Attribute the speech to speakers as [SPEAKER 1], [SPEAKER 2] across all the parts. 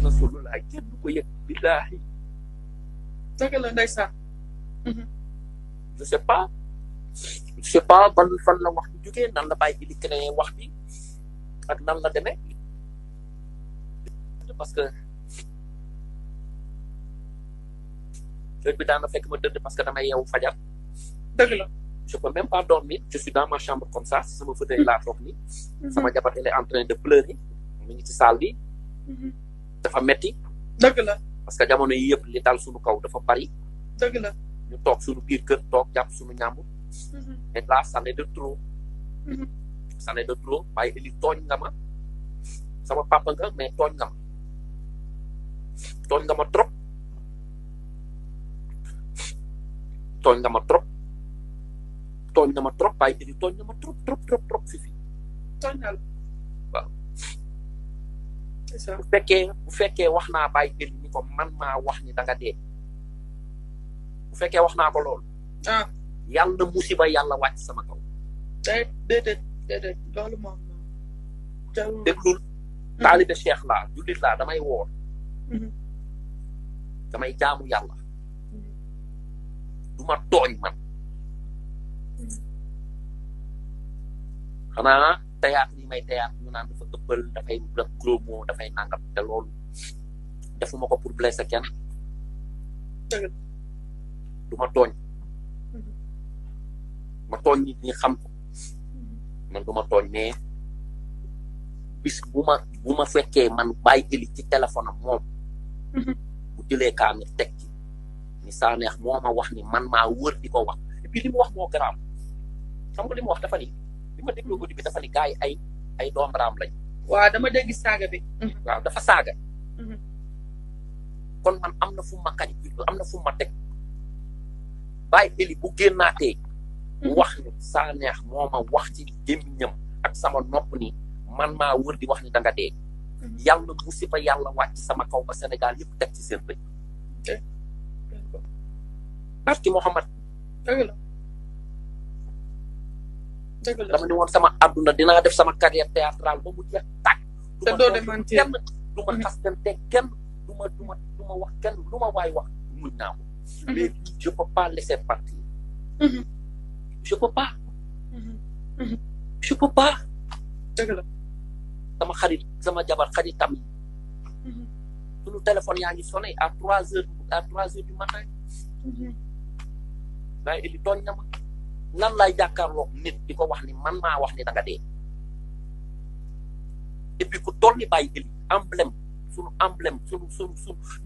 [SPEAKER 1] na solo la ke du ko yek billahi tagal la ndeysaan je sais pas je sais pas ban fan la wax bi jógee nan la bàyyi di créé wax bi ak nan la demé parce que heure bi daana fekk ma dënd parce que damay yeewu fajar dëgg la je peux même pas dormir je suis dans ma chambre comme ça si sama fauteuil la toog nii sama jabar elle est en train de pleurer mu ci salle bi mhm dafa metti dëgg la parce que jamono yi yëpp li daal suñu kaw dafa bari dëgg la ñu toog suñu biir kër toog jàpp suñu ñàmbur mais là ça n'est de trop ça n'est de trop waaye li tooñ nga ma sama papa nga mais tooñ nga ma tooñ nga ma trop tooñ nga ma trop tooñ nga ma trop waaye li tooñ nga ma trop trop trop trop fifi tooñ bu fekkee bu fekkee wax naa bàyyi jëli ni ah. ko man maa wax ni da nga dee bu fekkee wax naa ko loolu ah yàlla musiba yàlla wàcc sama kaw déedéet déedéet loolu moom déglul taalibe cheikh laa jullit laa damay woor damay jaamu yàlla du ma tooñ man xanaa tayaat may tayaat ñu naan dafa ëppal dafay def gros mot dafay nangam te loolu defuma ko pour blesser kenn du ma tooñ mm-hmm. ma tooñ nit ñi xam ko mm-hmm. man du ma tooñ mais bu ma bu ma fekkee man bàyyi jëli ci téléphone am moom bu mm-hmm. jëlee kaamir teg ci ni saaneex moo a wax ni man maa wër di ko wax et puis li wax moo garaaw xam nga li mu wax dafa ni li ma dégloo guddi bi dafa ni gars ay ay doom raam lañ. waaw dama dégg saaga bi. Mm-hmm. waaw dafa saaga. Mm-hmm. kon man am na fu ma kañ am na fu ma teg bàyyi eli bu génnaatee. Mm-hmm. wax ni saa neex moo ma wax ci gémmiñam ak sama nopp ni man maa wër di wax ni danga dee. yàlla musiba yàlla wàcc sama kaw ba Sénégal yëpp teg ci seen bëj. parce que dama ni woon sama àdduna dinaa def sama carrière théâtrale ba mu jeex tàkk. te doo demanteer kenn du mm-hmm. kenn du ma du ma wax kenn lu ma waay wax muñ naa ko. mais je peux pas laisser partir. Mm-hmm. je peux pas. Mm-hmm. sama xarit sama jabar xaritam yi. suñu téléphone yaa ngi sonné à trois heures à trois heures du matin. waaye Eli tooñ na ma. nan laay jàkkaarloog nit di ko wax ni man maa wax ni da nga dee et puis ku toll ni bàyyi eli emblème suñu emblème suñu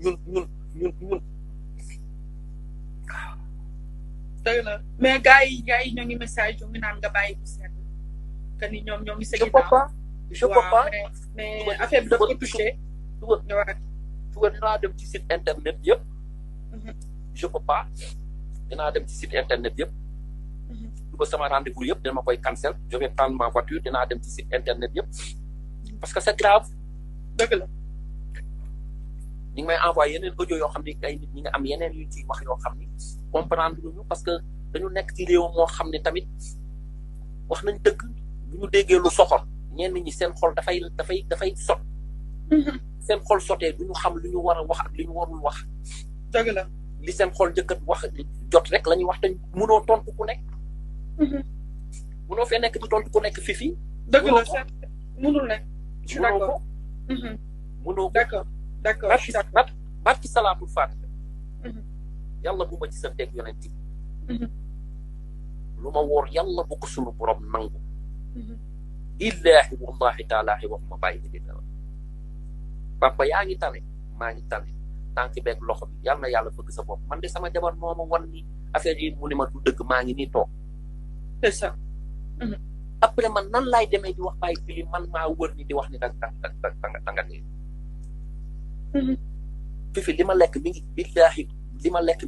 [SPEAKER 1] ñun ñun ñun mais gars yi gars yi ñoo ngi message ñu ngi naan nga bàyyi bu sedd que ni ñoom ñoo ngi sa ginnaaw je affaire bi daf ko dem ci site internet yëpp je peux pas dinaa dem ci site internet yëpp ba sama rendez-vous yëpp dama koy cancel je vais prendre ma voiture dinaa dem ci site internet yëpp parce que c'est grave. dëgg la. ñu ngi may envoyé yeneen audio yoo xam ne ay nit ñi nga am yeneen yu ciy wax yoo xam ni comprendre luñu parce que dañu nekk ci réew moo xam ne tamit wax nañ dëgg bu ñu déggee lu soxor ñenn ñi seen xol dafay dafay dafay sot mhm. seen xol sotee du ñu xam lu ñu war a wax ak li ñu warul wax. dëgg la li seen xol jëkkat wax jot rek la ñuy wax te mënoo tontu ku nekk. mënoo fee nekk di tontu ku nekk fii fii. dëgg la mënul ne. je suis d' accord munoo mhm. ko. d' accord d' accord barki barki salaatul faatiha. Mhm. yàlla bu ma ci sa teg yonent bi. Mhm. lu ma woor yàlla bu ko sunu borom nangu. illaahi wallahi taalaahi ma bàyyi di dara. papa yaa ngi tane maa ngi tane tànk beeg loxo bi yàlla na yàlla bëgg sa bopp man de sama jabar moo ma wan ni affaire yi mu ni ma du dëgg maa ngi nii toog. c'est ça. Mm-hmm. après man nan laay demee di wax bàyyi fii man maa wër ni di wax ni da nga da nga da nga dee. fifi li ma lekk mi ngi billaahi li ma lekk.